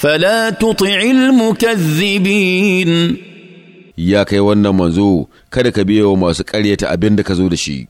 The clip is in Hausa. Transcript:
فلا تطع المكذبين يا كي wannan manzo kada ka biyo wa masu ƙaryata abin da ka zo da shi